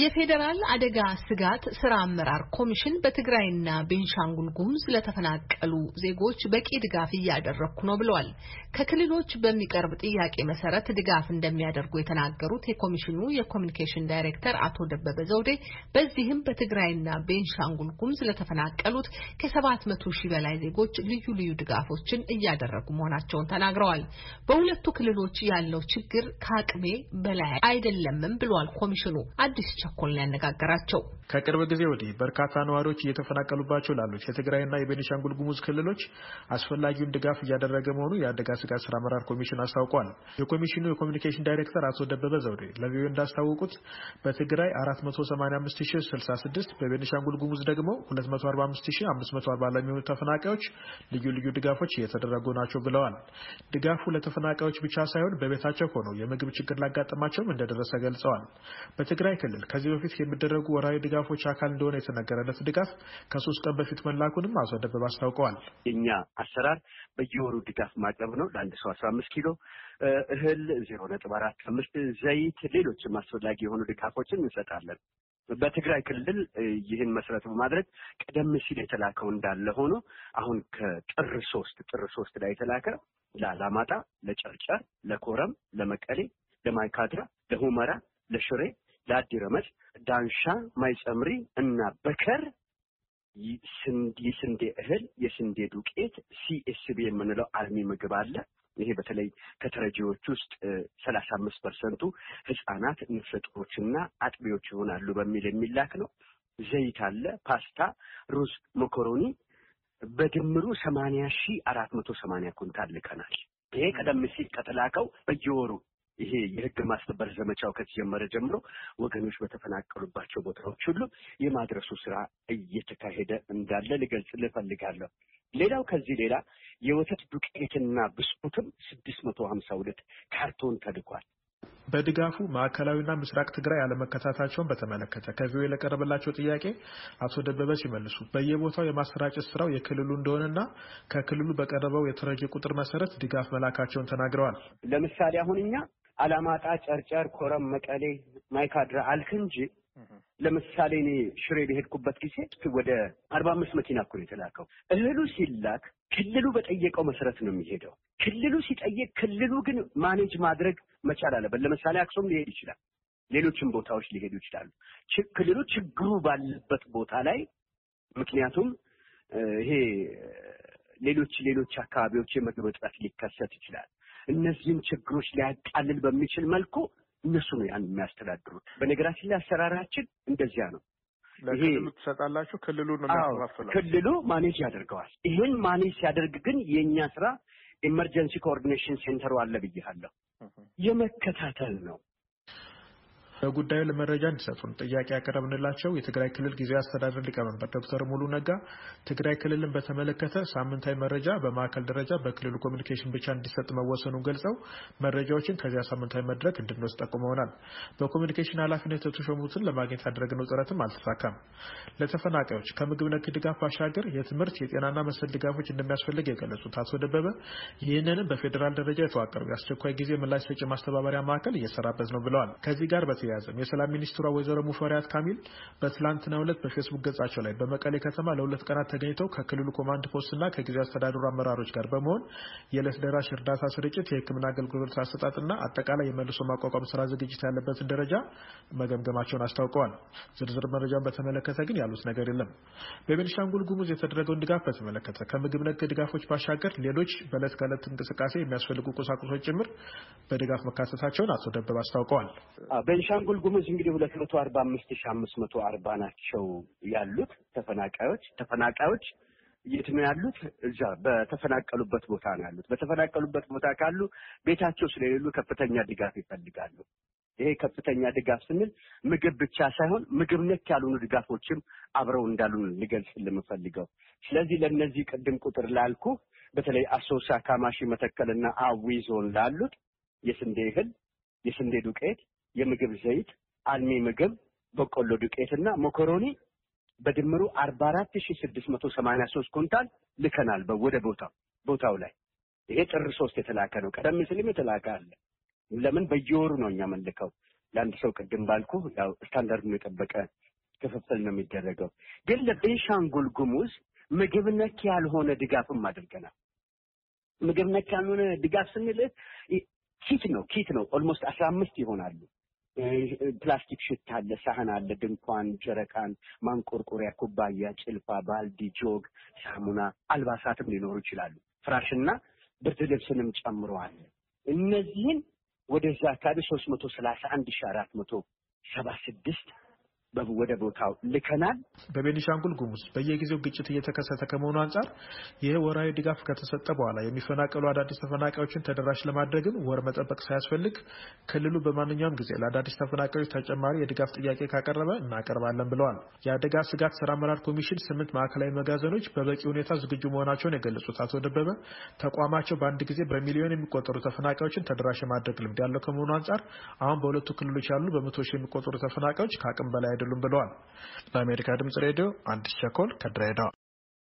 የፌዴራል አደጋ ስጋት ስራ አመራር ኮሚሽን በትግራይና ቤንሻንጉል ጉሙዝ ለተፈናቀሉ ዜጎች በቂ ድጋፍ እያደረግኩ ነው ብለዋል። ከክልሎች በሚቀርብ ጥያቄ መሰረት ድጋፍ እንደሚያደርጉ የተናገሩት የኮሚሽኑ የኮሚኒኬሽን ዳይሬክተር አቶ ደበበ ዘውዴ በዚህም በትግራይና ቤንሻንጉል ጉሙዝ ለተፈናቀሉት ከሰባት መቶ ሺህ በላይ ዜጎች ልዩ ልዩ ድጋፎችን እያደረጉ መሆናቸውን ተናግረዋል። በሁለቱ ክልሎች ያለው ችግር ከአቅሜ በላይ አይደለምም ብለዋል ኮሚሽኑ አዲስ ቸኮልን ያነጋገራቸው ከቅርብ ጊዜ ወዲህ በርካታ ነዋሪዎች እየተፈናቀሉባቸው ላሉት የትግራይና የቤኒሻንጉል ጉሙዝ ክልሎች አስፈላጊውን ድጋፍ እያደረገ መሆኑ የአደጋ ስጋት ስራ አመራር ኮሚሽን አስታውቋል። የኮሚሽኑ የኮሚኒኬሽን ዳይሬክተር አቶ ደበበ ዘውዴ ለቪዮ እንዳስታወቁት በትግራይ 485066 በቤኒሻንጉል ጉሙዝ ደግሞ 245540 ለሚሆኑ ተፈናቃዮች ልዩ ልዩ ድጋፎች እየተደረጉ ናቸው ብለዋል። ድጋፉ ለተፈናቃዮች ብቻ ሳይሆን በቤታቸው ሆነው የምግብ ችግር ላጋጠማቸውም እንደደረሰ ገልጸዋል። በትግራይ ክልል ከዚህ በፊት የሚደረጉ ወራዊ ድጋፎች አካል እንደሆነ የተነገረለት ድጋፍ ከሶስት ቀን በፊት መላኩንም አቶ ደበብ አስታውቀዋል። የኛ አሰራር በየወሩ ድጋፍ ማቅረብ ነው። ለአንድ ሰው አስራ አምስት ኪሎ እህል ዜሮ ነጥብ አራት አምስት ዘይት፣ ሌሎችም አስፈላጊ የሆኑ ድጋፎችን እንሰጣለን። በትግራይ ክልል ይህን መሰረት በማድረግ ቀደም ሲል የተላከው እንዳለ ሆኖ አሁን ከጥር ሶስት ጥር ሶስት ላይ የተላከ ለአላማጣ፣ ለጨርጨር፣ ለኮረም፣ ለመቀሌ፣ ለማይካድራ፣ ለሁመራ፣ ለሽሬ ለአዲረመት ዳንሻ ማይጸምሪ እና በከር የስንዴ እህል የስንዴ ዱቄት ሲኤስቢ የምንለው አልሚ ምግብ አለ። ይሄ በተለይ ከተረጂዎች ውስጥ ሰላሳ አምስት ፐርሰንቱ ህጻናት፣ ነፍሰ ጡሮችና አጥቢዎች ይሆናሉ በሚል የሚላክ ነው። ዘይት አለ፣ ፓስታ፣ ሩዝ፣ መኮሮኒ በድምሩ ሰማንያ ሺህ አራት መቶ ሰማንያ ኩንታል ልከናል። ይሄ ቀደም ሲል ከተላከው በየወሩ ይሄ የህግ ማስከበር ዘመቻው ከተጀመረ ጀምሮ ወገኖች በተፈናቀሉባቸው ቦታዎች ሁሉ የማድረሱ ስራ እየተካሄደ እንዳለ ልገልጽ ልፈልጋለሁ። ሌላው ከዚህ ሌላ የወተት ዱቄትና ብስኩትም ስድስት መቶ ሀምሳ ሁለት ካርቶን ተልኳል። በድጋፉ ማዕከላዊና ምስራቅ ትግራይ አለመከታታቸውን በተመለከተ ከቪኦኤ ለቀረበላቸው ጥያቄ አቶ ደበበ ሲመልሱ በየቦታው የማሰራጨት ስራው የክልሉ እንደሆነና ከክልሉ በቀረበው የተረጂ ቁጥር መሰረት ድጋፍ መላካቸውን ተናግረዋል። ለምሳሌ አሁን እኛ አላማጣ፣ ጨርጨር፣ ኮረም፣ መቀሌ፣ ማይካድራ አልክ እንጂ ለምሳሌ እኔ ሽሬ ሄድኩበት ጊዜ ወደ አርባ አምስት መኪና እኮ ነው የተላከው። እህሉ ሲላክ ክልሉ በጠየቀው መሰረት ነው የሚሄደው። ክልሉ ሲጠየቅ፣ ክልሉ ግን ማኔጅ ማድረግ መቻል አለበት። ለምሳሌ አክሱም ሊሄድ ይችላል፣ ሌሎችም ቦታዎች ሊሄዱ ይችላሉ። ክልሉ ችግሩ ባለበት ቦታ ላይ ምክንያቱም ይሄ ሌሎች ሌሎች አካባቢዎች የምግብ እጥረት ሊከሰት ይችላል። እነዚህን ችግሮች ሊያቃልል በሚችል መልኩ እነሱ ነው ያን የሚያስተዳድሩት። በነገራችን ላይ አሰራራችን እንደዚያ ነው። ይሄ ትሰጣላችሁ፣ ክልሉ ነው ክልሉ ማኔጅ ያደርገዋል። ይህን ማኔጅ ሲያደርግ ግን የእኛ ስራ ኢመርጀንሲ ኮኦርዲኔሽን ሴንተሩ አለ ብያለሁ፣ የመከታተል ነው። በጉዳዩ ለመረጃ እንዲሰጡን ጥያቄ ያቀረብንላቸው የትግራይ ክልል ጊዜያዊ አስተዳደር ሊቀመንበር ዶክተር ሙሉ ነጋ ትግራይ ክልልን በተመለከተ ሳምንታዊ መረጃ በማዕከል ደረጃ በክልሉ ኮሚኒኬሽን ብቻ እንዲሰጥ መወሰኑን ገልጸው መረጃዎችን ከዚያ ሳምንታዊ መድረክ እንድንወስድ ጠቁመውናል። በኮሚኒኬሽን ኃላፊነት የተሾሙትን ለማግኘት ያደረግነው ጥረትም አልተሳካም። ለተፈናቃዮች ከምግብ ነክ ድጋፍ ባሻገር የትምህርት የጤናና መሰል ድጋፎች እንደሚያስፈልግ የገለጹት አቶ ደበበ ይህንንም በፌዴራል ደረጃ የተዋቀረው የአስቸኳይ ጊዜ ምላሽ ሰጪ ማስተባበሪያ ማዕከል እየሰራበት ነው ብለዋል። ከዚህ ጋር በተያ አልተያዘም። የሰላም ሚኒስትሯ ወይዘሮ ሙፈሪያት ካሚል በትላንትናው ዕለት በፌስቡክ ገጻቸው ላይ በመቀሌ ከተማ ለሁለት ቀናት ተገኝተው ከክልሉ ኮማንድ ፖስትና ከጊዜ አስተዳደሩ አመራሮች ጋር በመሆን የዕለት ደራሽ እርዳታ ስርጭት፣ የህክምና አገልግሎት አሰጣጥና አጠቃላይ የመልሶ ማቋቋም ስራ ዝግጅት ያለበትን ደረጃ መገምገማቸውን አስታውቀዋል። ዝርዝር መረጃውን በተመለከተ ግን ያሉት ነገር የለም። በቤንሻንጉል ጉሙዝ የተደረገውን ድጋፍ በተመለከተ ከምግብ ነክ ድጋፎች ባሻገር ሌሎች በዕለት ከዕለት እንቅስቃሴ የሚያስፈልጉ ቁሳቁሶች ጭምር በድጋፍ መካተታቸውን አቶ ደበብ አስታውቀዋል። ቤንሻንጉል ጉሙዝ እንግዲህ ሁለት መቶ አርባ አምስት ሺ አምስት መቶ አርባ ናቸው ያሉት ተፈናቃዮች። ተፈናቃዮች የት ነው ያሉት? እዛ በተፈናቀሉበት ቦታ ነው ያሉት። በተፈናቀሉበት ቦታ ካሉ ቤታቸው ስለሌሉ ከፍተኛ ድጋፍ ይፈልጋሉ። ይሄ ከፍተኛ ድጋፍ ስንል ምግብ ብቻ ሳይሆን ምግብ ነክ ያልሆኑ ድጋፎችም አብረው እንዳሉን ልገልጽ ልምፈልገው። ስለዚህ ለእነዚህ ቅድም ቁጥር ላልኩ በተለይ አሶሳ፣ ካማሺ፣ መተከልና አዊ ዞን ላሉት የስንዴ እህል፣ የስንዴ ዱቄት፣ የምግብ ዘይት፣ አልሚ ምግብ፣ በቆሎ ዱቄትና መኮሮኒ በድምሩ 44683 ኩንታል ልከናል ወደ ቦታው ቦታው ላይ። ይሄ ጥር ሶስት የተላከ ነው። ቀደም ሲልም የተላከ አለ። ለምን በየወሩ ነው እኛ የምንልከው ለአንድ ሰው። ቅድም ባልኩ ያው ስታንዳርዱን የጠበቀ ክፍፍል ነው የሚደረገው። ግን ለቤንሻንጉል ጉሙዝ ምግብ ነክ ያልሆነ ድጋፍም አድርገናል። ምግብ ነክ ያልሆነ ድጋፍ ስንል ኪት ነው ኪት ነው ኦልሞስት አስራ አምስት ይሆናሉ ፕላስቲክ ሽታ አለ፣ ሳህን አለ፣ ድንኳን፣ ጀረቃን፣ ማንቆርቆሪያ፣ ኩባያ፣ ጭልፋ፣ ባልዲ፣ ጆግ፣ ሳሙና፣ አልባሳትም ሊኖሩ ይችላሉ። ፍራሽና ብርድ ልብስንም ጨምሮ እነዚህን ወደዛ አካባቢ ሶስት መቶ ሰላሳ አንድ ሺ አራት መቶ ሰባ ስድስት ህብረተሰቡ ወደ ቦታው ልከናል። በቤኒሻንጉል ጉሙዝ በየጊዜው ግጭት እየተከሰተ ከመሆኑ አንጻር ይህ ወራዊ ድጋፍ ከተሰጠ በኋላ የሚፈናቀሉ አዳዲስ ተፈናቃዮችን ተደራሽ ለማድረግም ወር መጠበቅ ሳያስፈልግ ክልሉ በማንኛውም ጊዜ ለአዳዲስ ተፈናቃዮች ተጨማሪ የድጋፍ ጥያቄ ካቀረበ እናቀርባለን ብለዋል። የአደጋ ስጋት ስራ አመራር ኮሚሽን ስምንት ማዕከላዊ መጋዘኖች በበቂ ሁኔታ ዝግጁ መሆናቸውን የገለጹት አቶ ደበበ ተቋማቸው በአንድ ጊዜ በሚሊዮን የሚቆጠሩ ተፈናቃዮችን ተደራሽ የማድረግ ልምድ ያለው ከመሆኑ አንጻር አሁን በሁለቱ ክልሎች ያሉ በመቶ ሺህ የሚቆጠሩ ተፈናቃዮች ከአቅም በላይ አይደሉም አይደሉም ብለዋል። ለአሜሪካ ድምጽ ሬዲዮ አዲስ ቸኮል ከድሬዳዋ